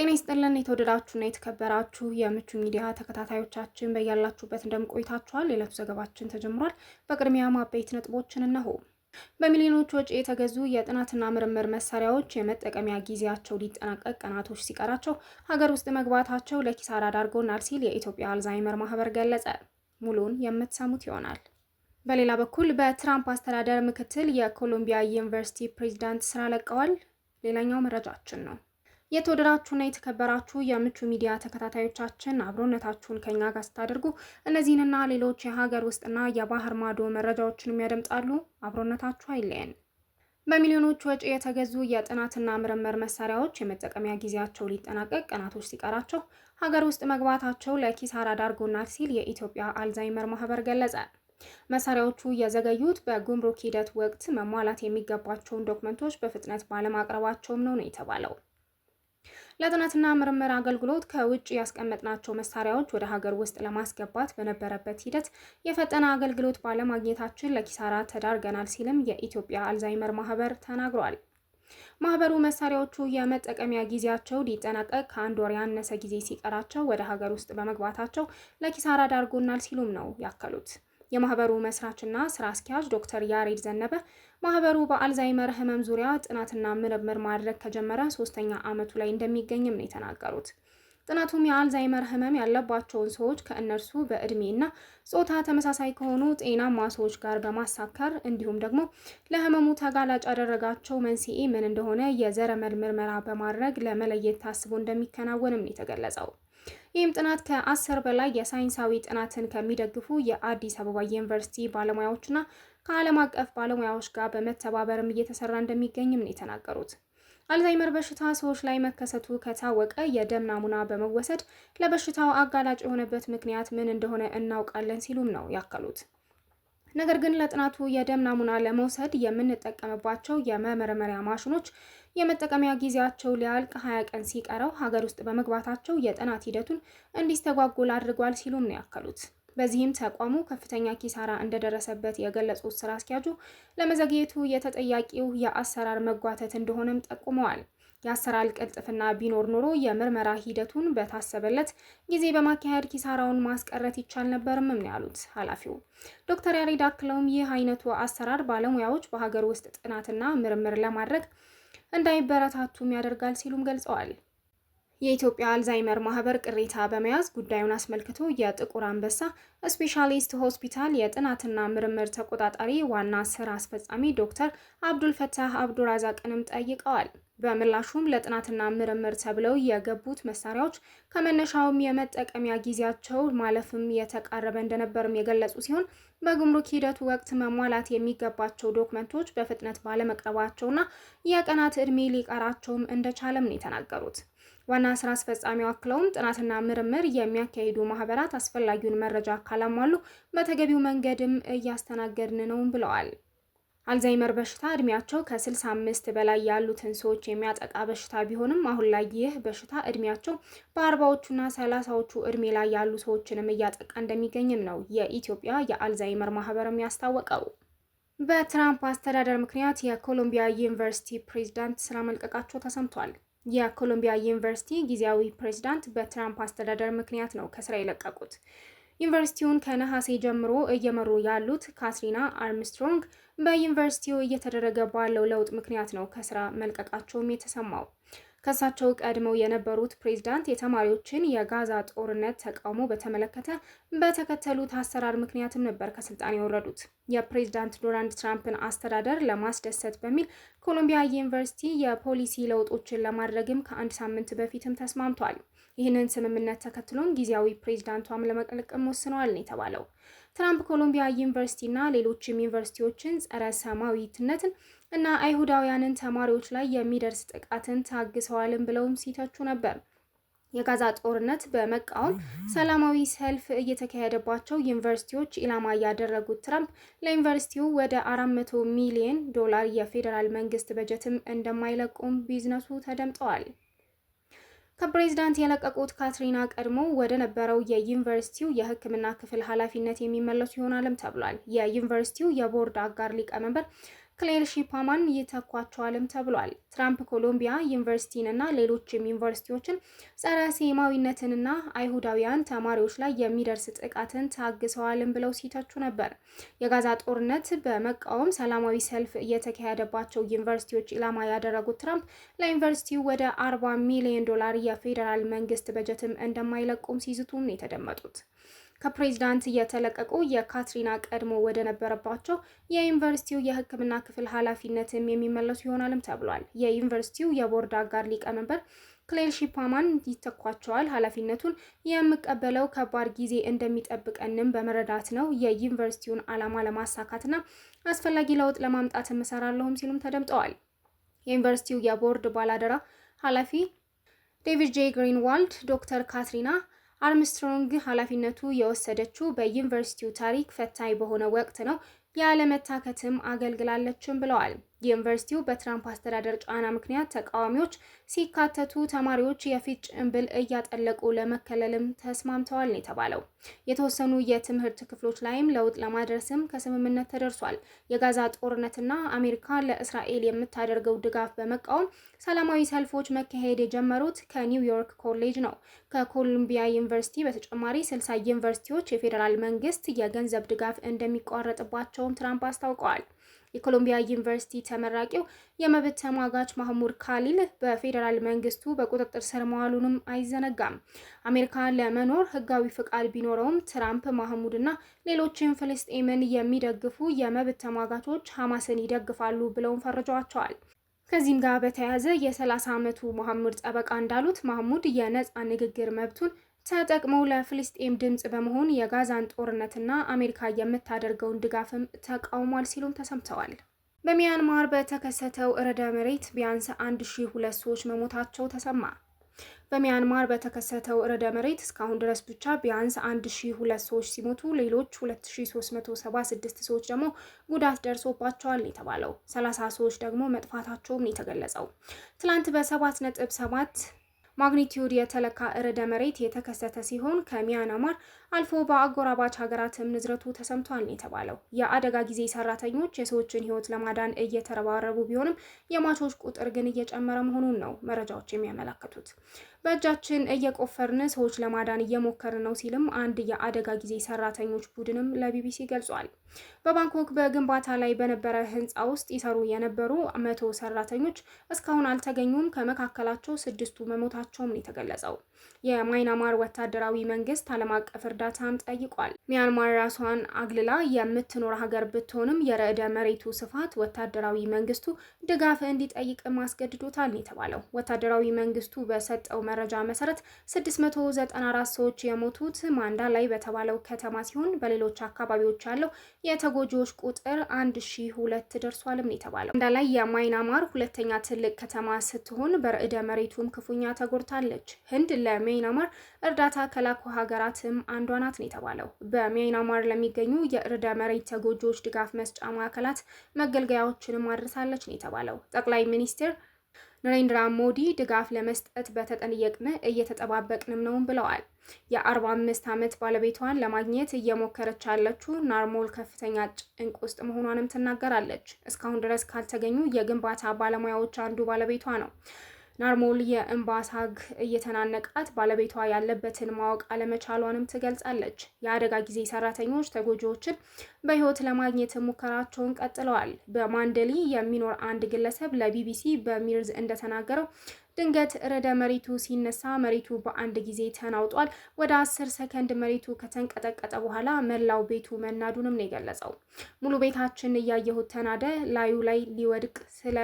ጤና ይስጥልን የተወደዳችሁና የተከበራችሁ የምቹ ሚዲያ ተከታታዮቻችን በያላችሁበት እንደምን ቆይታችኋል? የዕለቱ ዘገባችን ተጀምሯል። በቅድሚያ አበይት ነጥቦችን እነሆ። በሚሊዮኖች ወጪ የተገዙ የጥናትና ምርምር መሳሪያዎች የመጠቀሚያ ጊዜያቸው ሊጠናቀቅ ቀናቶች ሲቀራቸው ሀገር ውስጥ መግባታቸው ለኪሳራ ዳርጎናል ሲል የኢትዮጵያ አልዛይመር ማህበር ገለጸ። ሙሉን የምትሰሙት ይሆናል። በሌላ በኩል በትራምፕ አስተዳደር ምክትል የኮሎምቢያ ዩኒቨርሲቲ ፕሬዚዳንት ስራ ለቀዋል። ሌላኛው መረጃችን ነው። የተወደዳችሁና የተከበራችሁ የምቹ ሚዲያ ተከታታዮቻችን አብሮነታችሁን ከኛ ጋር ስታደርጉ እነዚህንና ሌሎች የሀገር ውስጥና የባህር ማዶ መረጃዎችንም የሚያደምጣሉ። አብሮነታችሁ አይለየን። በሚሊዮኖች ወጪ የተገዙ የጥናትና ምርምር መሳሪያዎች የመጠቀሚያ ጊዜያቸው ሊጠናቀቅ ቀናቶች ሲቀራቸው ሀገር ውስጥ መግባታቸው ለኪሳራ ዳርጎናል ሲል የኢትዮጵያ አልዛይመር ማህበር ገለጸ። መሳሪያዎቹ የዘገዩት በጉምሩክ ሂደት ወቅት መሟላት የሚገባቸውን ዶክመንቶች በፍጥነት ባለማቅረባቸውም ነው ነው የተባለው። ለጥናትና ምርምር አገልግሎት ከውጭ ያስቀመጥናቸው መሳሪያዎች ወደ ሀገር ውስጥ ለማስገባት በነበረበት ሂደት የፈጠነ አገልግሎት ባለማግኘታችን ለኪሳራ ተዳርገናል ሲልም የኢትዮጵያ አልዛይመር ማህበር ተናግሯል። ማህበሩ መሳሪያዎቹ የመጠቀሚያ ጊዜያቸው ሊጠናቀቅ ከአንድ ወር ያነሰ ጊዜ ሲቀራቸው ወደ ሀገር ውስጥ በመግባታቸው ለኪሳራ ዳርጎናል ሲሉም ነው ያከሉት። የማህበሩ መስራችና ስራ አስኪያጅ ዶክተር ያሬድ ዘነበ ማህበሩ በአልዛይመር ህመም ዙሪያ ጥናትና ምርምር ማድረግ ከጀመረ ሶስተኛ ዓመቱ ላይ እንደሚገኝም ነው የተናገሩት። ጥናቱም የአልዛይመር ህመም ያለባቸውን ሰዎች ከእነርሱ በእድሜና ጾታ ተመሳሳይ ከሆኑ ጤናማ ሰዎች ጋር በማሳከር እንዲሁም ደግሞ ለህመሙ ተጋላጭ ያደረጋቸው መንስኤ ምን እንደሆነ የዘረመል ምርመራ በማድረግ ለመለየት ታስቦ እንደሚከናወንም ነው የተገለጸው። ይህም ጥናት ከአስር በላይ የሳይንሳዊ ጥናትን ከሚደግፉ የአዲስ አበባ ዩኒቨርሲቲ ባለሙያዎችና ከዓለም አቀፍ ባለሙያዎች ጋር በመተባበርም እየተሰራ እንደሚገኝም ነው የተናገሩት። አልዛይመር በሽታ ሰዎች ላይ መከሰቱ ከታወቀ የደም ናሙና በመወሰድ ለበሽታው አጋላጭ የሆነበት ምክንያት ምን እንደሆነ እናውቃለን ሲሉም ነው ያከሉት። ነገር ግን ለጥናቱ የደም ናሙና ለመውሰድ የምንጠቀምባቸው የመመርመሪያ ማሽኖች የመጠቀሚያ ጊዜያቸው ሊያልቅ ሀያ ቀን ሲቀረው ሀገር ውስጥ በመግባታቸው የጥናት ሂደቱን እንዲስተጓጎል አድርጓል ሲሉም ነው ያከሉት። በዚህም ተቋሙ ከፍተኛ ኪሳራ እንደደረሰበት የገለጹት ስራ አስኪያጁ ለመዘግየቱ የተጠያቂው የአሰራር መጓተት እንደሆነም ጠቁመዋል። የአሰራር ቅልጥፍና ቢኖር ኖሮ የምርመራ ሂደቱን በታሰበለት ጊዜ በማካሄድ ኪሳራውን ማስቀረት ይቻል ነበርም ነው ያሉት ኃላፊው ዶክተር ያሬድ አክለውም ይህ አይነቱ አሰራር ባለሙያዎች በሀገር ውስጥ ጥናትና ምርምር ለማድረግ እንዳይበረታቱም ያደርጋል ሲሉም ገልጸዋል። የኢትዮጵያ አልዛይመር ማህበር ቅሬታ በመያዝ ጉዳዩን አስመልክቶ የጥቁር አንበሳ ስፔሻሊስት ሆስፒታል የጥናትና ምርምር ተቆጣጣሪ ዋና ስራ አስፈጻሚ ዶክተር አብዱልፈታህ አብዱራዛቅንም ጠይቀዋል። በምላሹም ለጥናትና ምርምር ተብለው የገቡት መሳሪያዎች ከመነሻውም የመጠቀሚያ ጊዜያቸው ማለፍም የተቃረበ እንደነበርም የገለጹ ሲሆን በጉምሩክ ሂደቱ ወቅት መሟላት የሚገባቸው ዶክመንቶች በፍጥነት ባለመቅረባቸውና የቀናት ዕድሜ ሊቀራቸውም እንደቻለም ነው የተናገሩት። ዋና ስራ አስፈጻሚው አክለውም ጥናትና ምርምር የሚያካሂዱ ማህበራት አስፈላጊውን መረጃ ካላሟሉ በተገቢው መንገድም እያስተናገድን ነው ብለዋል። አልዛይመር በሽታ እድሜያቸው ከ65 በላይ ያሉትን ሰዎች የሚያጠቃ በሽታ ቢሆንም አሁን ላይ ይህ በሽታ እድሜያቸው በአርባዎቹና ሰላሳዎቹ እድሜ ላይ ያሉ ሰዎችንም እያጠቃ እንደሚገኝም ነው የኢትዮጵያ የአልዛይመር ማህበርም ያስታወቀው። በትራምፕ አስተዳደር ምክንያት የኮሎምቢያ ዩኒቨርሲቲ ፕሬዚዳንት ስራ መልቀቃቸው ተሰምቷል። የኮሎምቢያ ዩኒቨርሲቲ ጊዜያዊ ፕሬዚዳንት በትራምፕ አስተዳደር ምክንያት ነው ከስራ የለቀቁት። ዩኒቨርሲቲውን ከነሐሴ ጀምሮ እየመሩ ያሉት ካትሪና አርምስትሮንግ በዩኒቨርሲቲው እየተደረገ ባለው ለውጥ ምክንያት ነው ከስራ መልቀቃቸውም የተሰማው። ከእሳቸው ቀድመው የነበሩት ፕሬዝዳንት የተማሪዎችን የጋዛ ጦርነት ተቃውሞ በተመለከተ በተከተሉት አሰራር ምክንያትም ነበር ከስልጣን የወረዱት። የፕሬዝዳንት ዶናልድ ትራምፕን አስተዳደር ለማስደሰት በሚል ኮሎምቢያ ዩኒቨርሲቲ የፖሊሲ ለውጦችን ለማድረግም ከአንድ ሳምንት በፊትም ተስማምቷል። ይህንን ስምምነት ተከትሎም ጊዜያዊ ፕሬዝዳንቷም ለመቀለቅም ወስነዋል ነው የተባለው። ትራምፕ ኮሎምቢያ ዩኒቨርሲቲና ሌሎችም ዩኒቨርሲቲዎችን ጸረ ሰማዊትነትን እና አይሁዳውያንን ተማሪዎች ላይ የሚደርስ ጥቃትን ታግሰዋልን ብለውም ሲተቹ ነበር። የጋዛ ጦርነት በመቃወም ሰላማዊ ሰልፍ እየተካሄደባቸው ዩኒቨርሲቲዎች ኢላማ ያደረጉት ትራምፕ ለዩኒቨርሲቲው ወደ 400 ሚሊዮን ዶላር የፌዴራል መንግስት በጀትም እንደማይለቁም ቢዝነሱ ተደምጠዋል። ከፕሬዚዳንት የለቀቁት ካትሪና ቀድሞ ወደ ነበረው የዩኒቨርሲቲው የሕክምና ክፍል ኃላፊነት የሚመለሱ ይሆናልም ተብሏል። የዩኒቨርሲቲው የቦርድ አጋር ሊቀመንበር ክሌር ሺፓማን ይተኳቸዋልም ተብሏል። ትራምፕ ኮሎምቢያ ዩኒቨርሲቲንና ሌሎችም ዩኒቨርሲቲዎችን ጸረ ሴማዊነትንና አይሁዳውያን ተማሪዎች ላይ የሚደርስ ጥቃትን ታግሰዋልም ብለው ሲተቹ ነበር። የጋዛ ጦርነት በመቃወም ሰላማዊ ሰልፍ የተካሄደባቸው ዩኒቨርሲቲዎች ኢላማ ያደረጉት ትራምፕ ለዩኒቨርሲቲው ወደ 40 ሚሊዮን ዶላር የፌዴራል መንግስት በጀትም እንደማይለቁም ሲዝቱም የተደመጡት። ከፕሬዚዳንት እየተለቀቁ የካትሪና ቀድሞ ወደ ነበረባቸው የዩኒቨርሲቲው የሕክምና ክፍል ኃላፊነትም የሚመለሱ ይሆናልም ተብሏል። የዩኒቨርሲቲው የቦርድ አጋር ሊቀመንበር ክሌር ሺፓማን ይተኳቸዋል። ኃላፊነቱን የምቀበለው ከባድ ጊዜ እንደሚጠብቀንም በመረዳት ነው። የዩኒቨርሲቲውን ዓላማ ለማሳካትና አስፈላጊ ለውጥ ለማምጣት እሰራለሁም ሲሉም ተደምጠዋል። የዩኒቨርሲቲው የቦርድ ባላደራ ኃላፊ ዴቪድ ጄ ግሪንዋልድ ዶክተር ካትሪና አርምስትሮንግ ኃላፊነቱ የወሰደችው በዩኒቨርሲቲው ታሪክ ፈታኝ በሆነ ወቅት ነው፣ ያለመታከትም አገልግላለችም ብለዋል። ዩኒቨርሲቲው በትራምፕ አስተዳደር ጫና ምክንያት ተቃዋሚዎች ሲካተቱ ተማሪዎች የፊት ጭንብል እያጠለቁ ለመከለልም ተስማምተዋል ነው የተባለው። የተወሰኑ የትምህርት ክፍሎች ላይም ለውጥ ለማድረስም ከስምምነት ተደርሷል። የጋዛ ጦርነትና አሜሪካ ለእስራኤል የምታደርገው ድጋፍ በመቃወም ሰላማዊ ሰልፎች መካሄድ የጀመሩት ከኒውዮርክ ኮሌጅ ነው። ከኮሎምቢያ ዩኒቨርሲቲ በተጨማሪ ስልሳ ዩኒቨርሲቲዎች የፌዴራል መንግስት የገንዘብ ድጋፍ እንደሚቋረጥባቸውም ትራምፕ አስታውቀዋል። የኮሎምቢያ ዩኒቨርሲቲ ተመራቂው የመብት ተሟጋች ማህሙድ ካሊል በፌዴራል መንግስቱ በቁጥጥር ስር መዋሉንም አይዘነጋም። አሜሪካ ለመኖር ህጋዊ ፍቃድ ቢኖረውም ትራምፕ ማህሙድና ሌሎችን ፍልስጤምን የሚደግፉ የመብት ተሟጋቾች ሐማስን ይደግፋሉ ብለውም ፈርጀዋቸዋል። ከዚህም ጋር በተያያዘ የ30 ዓመቱ ማህሙድ ጠበቃ እንዳሉት ማህሙድ የነጻ ንግግር መብቱን ተጠቅመው ለፍልስጤም ድምፅ በመሆን የጋዛን ጦርነትና አሜሪካ የምታደርገውን ድጋፍም ተቃውሟል ሲሉም ተሰምተዋል። በሚያንማር በተከሰተው ርዕደ መሬት ቢያንስ 1200 ሰዎች መሞታቸው ተሰማ። በሚያንማር በተከሰተው ርዕደ መሬት እስካሁን ድረስ ብቻ ቢያንስ 1200 ሰዎች ሲሞቱ ሌሎች 2376 ሰዎች ደግሞ ጉዳት ደርሶባቸዋል ነው የተባለው። 30 ሰዎች ደግሞ መጥፋታቸውም ነው የተገለጸው። ትላንት በ7.7 ማግኒቲዩድ የተለካ ርዕደ መሬት የተከሰተ ሲሆን ከሚያንማር አልፎ በአጎራባች ሀገራትም ንዝረቱ ተሰምቷል ነው የተባለው። የአደጋ ጊዜ ሰራተኞች የሰዎችን ህይወት ለማዳን እየተረባረቡ ቢሆንም የሟቾች ቁጥር ግን እየጨመረ መሆኑን ነው መረጃዎች የሚያመላክቱት። በእጃችን እየቆፈርን ሰዎች ለማዳን እየሞከርን ነው ሲልም አንድ የአደጋ ጊዜ ሰራተኞች ቡድንም ለቢቢሲ ገልጿል። በባንኮክ በግንባታ ላይ በነበረ ህንፃ ውስጥ ይሰሩ የነበሩ መቶ ሰራተኞች እስካሁን አልተገኙም። ከመካከላቸው ስድስቱ መሞታቸውም ነው የተገለጸው። የማይናማር ወታደራዊ መንግስት ዓለም አቀፍ እርዳታም ጠይቋል። ሚያንማር ራሷን አግልላ የምትኖር ሀገር ብትሆንም የርዕደ መሬቱ ስፋት ወታደራዊ መንግስቱ ድጋፍ እንዲጠይቅ ማስገድዶታል ነው የተባለው። ወታደራዊ መንግስቱ በሰጠው መረጃ መሰረት 694 ሰዎች የሞቱት ማንዳ ላይ በተባለው ከተማ ሲሆን በሌሎች አካባቢዎች ያለው የተጎጂዎች ቁጥር 1002 ደርሷልም የተባለው። ማንዳ ላይ የማይናማር ሁለተኛ ትልቅ ከተማ ስትሆን በርዕደ መሬቱም ክፉኛ ተጎድታለች። ህንድ ለማይናማር እርዳታ ከላኩ ሀገራትም አንዷ ናት ነው የተባለው። በማይናማር ለሚገኙ የርዕደ መሬት ተጎጂዎች ድጋፍ መስጫ ማዕከላት መገልገያዎችንም አድርሳለች ነው የተባለው። ጠቅላይ ሚኒስትር ነሬንድራ ሞዲ ድጋፍ ለመስጠት በተጠየቅን እየተጠባበቅንም ነውም ብለዋል። የ45 ዓመት ባለቤቷን ለማግኘት እየሞከረች ያለችው ናርሞል ከፍተኛ ጭንቅ ውስጥ መሆኗንም ትናገራለች። እስካሁን ድረስ ካልተገኙ የግንባታ ባለሙያዎች አንዱ ባለቤቷ ነው። ናርሞል የእንባ ሳግ እየተናነቃት ባለቤቷ ያለበትን ማወቅ አለመቻሏንም ትገልጻለች። የአደጋ ጊዜ ሰራተኞች ተጎጂዎችን በህይወት ለማግኘት ሙከራቸውን ቀጥለዋል። በማንደሊ የሚኖር አንድ ግለሰብ ለቢቢሲ በሚርዝ እንደተናገረው ድንገት ርዕደ መሬቱ ሲነሳ መሬቱ በአንድ ጊዜ ተናውጧል። ወደ አስር ሰከንድ መሬቱ ከተንቀጠቀጠ በኋላ መላው ቤቱ መናዱንም ነው የገለጸው። ሙሉ ቤታችን እያየሁት ተናደ፣ ላዩ ላይ ሊወድቅ ስለ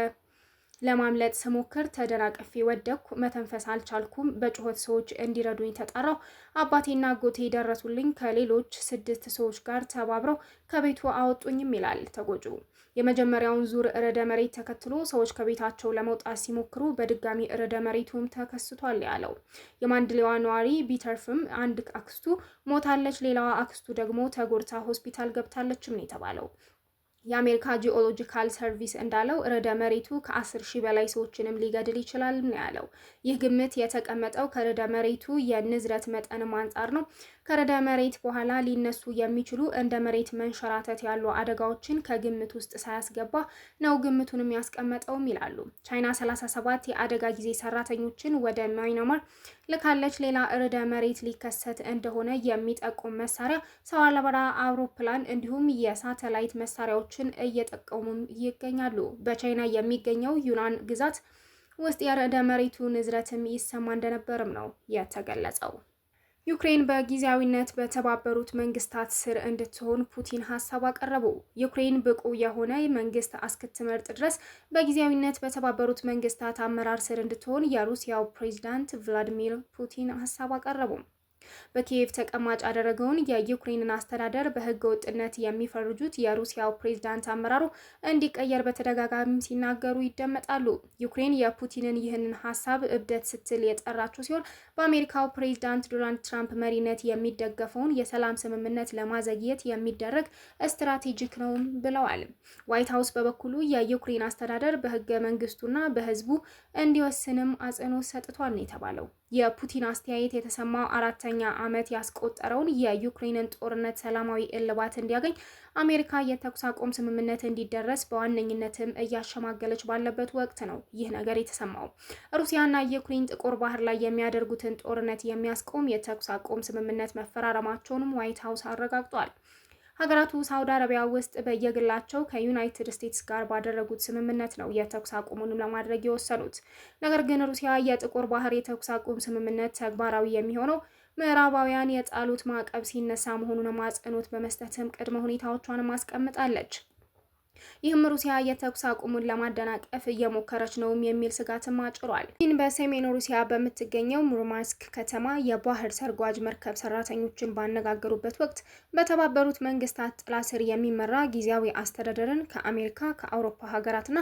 ለማምለጥ ስሞክር ተደናቅፌ ወደኩ መተንፈስ አልቻልኩም። በጩኸት ሰዎች እንዲረዱኝ ተጣራው አባቴና አጎቴ ደረሱልኝ። ከሌሎች ስድስት ሰዎች ጋር ተባብረው ከቤቱ አወጡኝም ይላል ተጎጂው። የመጀመሪያውን ዙር ርዕደ መሬት ተከትሎ ሰዎች ከቤታቸው ለመውጣት ሲሞክሩ በድጋሚ ርዕደ መሬቱም ተከስቷል ያለው የማንድሌዋ ነዋሪ ቢተርፍም አንድ አክስቱ ሞታለች፣ ሌላዋ አክስቱ ደግሞ ተጎድታ ሆስፒታል ገብታለችም ነው የተባለው። የአሜሪካ ጂኦሎጂካል ሰርቪስ እንዳለው ርዕደ መሬቱ ከአስር ሺህ በላይ ሰዎችንም ሊገድል ይችላል ነው ያለው። ይህ ግምት የተቀመጠው ከርዕደ መሬቱ የንዝረት መጠንም አንጻር ነው። ከርዕደ መሬት በኋላ ሊነሱ የሚችሉ እንደ መሬት መንሸራተት ያሉ አደጋዎችን ከግምት ውስጥ ሳያስገባ ነው ግምቱንም ያስቀመጠውም ይላሉ። ቻይና 37 የአደጋ ጊዜ ሰራተኞችን ወደ ማይናማር ልካለች። ሌላ ርዕደ መሬት ሊከሰት እንደሆነ የሚጠቁም መሳሪያ፣ ሰው አልባ አውሮፕላን እንዲሁም የሳተላይት መሳሪያዎችን እየጠቀሙም ይገኛሉ። በቻይና የሚገኘው ዩናን ግዛት ውስጥ የርዕደ መሬቱ ንዝረትም ይሰማ እንደነበርም ነው የተገለጸው። ዩክሬን በጊዜያዊነት በተባበሩት መንግስታት ስር እንድትሆን ፑቲን ሀሳብ አቀረቡ። ዩክሬን ብቁ የሆነ መንግስት እስክትመርጥ ድረስ በጊዜያዊነት በተባበሩት መንግስታት አመራር ስር እንድትሆን የሩሲያው ፕሬዚዳንት ቭላዲሚር ፑቲን ሀሳብ አቀረቡ። በኪየቭ ተቀማጭ ያደረገውን የዩክሬንን አስተዳደር በህገ ወጥነት የሚፈርጁት የሩሲያው ፕሬዝዳንት አመራሩ እንዲቀየር በተደጋጋሚ ሲናገሩ ይደመጣሉ። ዩክሬን የፑቲንን ይህንን ሀሳብ እብደት ስትል የጠራችው ሲሆን በአሜሪካው ፕሬዝዳንት ዶናልድ ትራምፕ መሪነት የሚደገፈውን የሰላም ስምምነት ለማዘግየት የሚደረግ ስትራቴጂክ ነው ብለዋል። ዋይት ሀውስ በበኩሉ የዩክሬን አስተዳደር በህገ መንግስቱና በህዝቡ እንዲወስንም አጽንኦት ሰጥቷል ነው የተባለው። የፑቲን አስተያየት የተሰማው አራተኛ ዓመት ያስቆጠረውን የዩክሬንን ጦርነት ሰላማዊ እልባት እንዲያገኝ አሜሪካ የተኩስ አቁም ስምምነት እንዲደረስ በዋነኝነትም እያሸማገለች ባለበት ወቅት ነው ይህ ነገር የተሰማው። ሩሲያና ዩክሬን ጥቁር ባህር ላይ የሚያደርጉትን ጦርነት የሚያስቆም የተኩስ አቁም ስምምነት መፈራረማቸውንም ዋይት ሀውስ አረጋግጧል። ሀገራቱ ሳውዲ አረቢያ ውስጥ በየግላቸው ከዩናይትድ ስቴትስ ጋር ባደረጉት ስምምነት ነው የተኩስ አቁሙንም ለማድረግ የወሰኑት። ነገር ግን ሩሲያ የጥቁር ባህር የተኩስ አቁም ስምምነት ተግባራዊ የሚሆነው ምዕራባውያን የጣሉት ማዕቀብ ሲነሳ መሆኑን አጽንኦት በመስጠትም ቅድመ ሁኔታዎቿንም አስቀምጣለች። ይህም ሩሲያ የተኩስ አቁሙን ለማደናቀፍ እየሞከረች ነውም የሚል ስጋትም አጭሯል። ይህን በሰሜን ሩሲያ በምትገኘው ሙርማስክ ከተማ የባህር ሰርጓጅ መርከብ ሰራተኞችን ባነጋገሩበት ወቅት በተባበሩት መንግስታት ጥላ ስር የሚመራ ጊዜያዊ አስተዳደርን ከአሜሪካ ከአውሮፓ ሀገራትና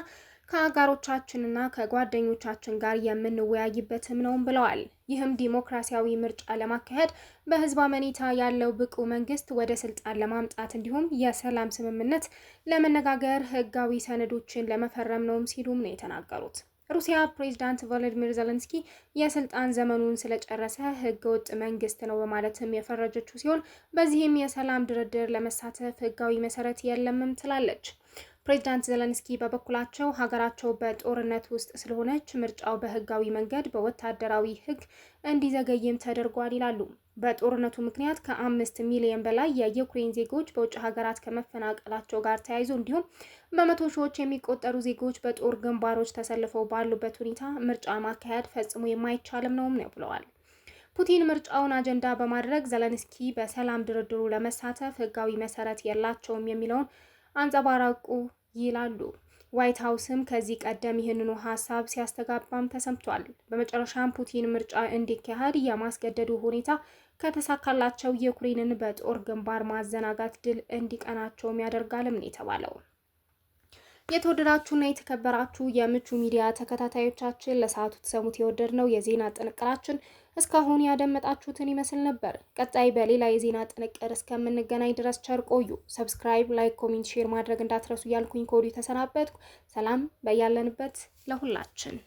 ከአጋሮቻችንና ከጓደኞቻችን ጋር የምንወያይበትም ነውም ብለዋል። ይህም ዲሞክራሲያዊ ምርጫ ለማካሄድ በህዝብ አመኔታ ያለው ብቁ መንግስት ወደ ስልጣን ለማምጣት እንዲሁም የሰላም ስምምነት ለመነጋገር ህጋዊ ሰነዶችን ለመፈረም ነውም ሲሉም ነው የተናገሩት። ሩሲያ ፕሬዚዳንት ቮሎዲሚር ዘለንስኪ የስልጣን ዘመኑን ስለጨረሰ ህገወጥ መንግስት ነው በማለትም የፈረጀችው ሲሆን በዚህም የሰላም ድርድር ለመሳተፍ ህጋዊ መሰረት የለምም ትላለች። ፕሬዚዳንት ዘለንስኪ በበኩላቸው ሀገራቸው በጦርነት ውስጥ ስለሆነች ምርጫው በህጋዊ መንገድ በወታደራዊ ህግ እንዲዘገይም ተደርጓል ይላሉ። በጦርነቱ ምክንያት ከአምስት ሚሊዮን በላይ የዩክሬን ዜጎች በውጭ ሀገራት ከመፈናቀላቸው ጋር ተያይዞ እንዲሁም በመቶ ሺዎች የሚቆጠሩ ዜጎች በጦር ግንባሮች ተሰልፈው ባሉበት ሁኔታ ምርጫ ማካሄድ ፈጽሞ የማይቻልም ነውም ነው ብለዋል። ፑቲን ምርጫውን አጀንዳ በማድረግ ዘለንስኪ በሰላም ድርድሩ ለመሳተፍ ህጋዊ መሰረት የላቸውም የሚለውን አንጸባራቁ ይላሉ። ዋይት ሀውስም ከዚህ ቀደም ይህንኑ ሀሳብ ሲያስተጋባም ተሰምቷል። በመጨረሻም ፑቲን ምርጫ እንዲካሄድ የማስገደዱ ሁኔታ ከተሳካላቸው የዩክሬንን በጦር ግንባር ማዘናጋት ድል እንዲቀናቸውም ያደርጋልም ነው የተባለው። የተወደዳችሁና የተከበራችሁ የምቹ ሚዲያ ተከታታዮቻችን ለሰዓቱ ተሰሙት የወደድ ነው የዜና ጥንቅራችን እስካሁን ያደመጣችሁትን ይመስል ነበር። ቀጣይ በሌላ የዜና ጥንቅር እስከምንገናኝ ድረስ ቸር ቆዩ። ሰብስክራይብ፣ ላይክ፣ ኮሜንት፣ ሼር ማድረግ እንዳትረሱ እያልኩኝ ከወዲሁ ተሰናበትኩ። ሰላም በያለንበት ለሁላችን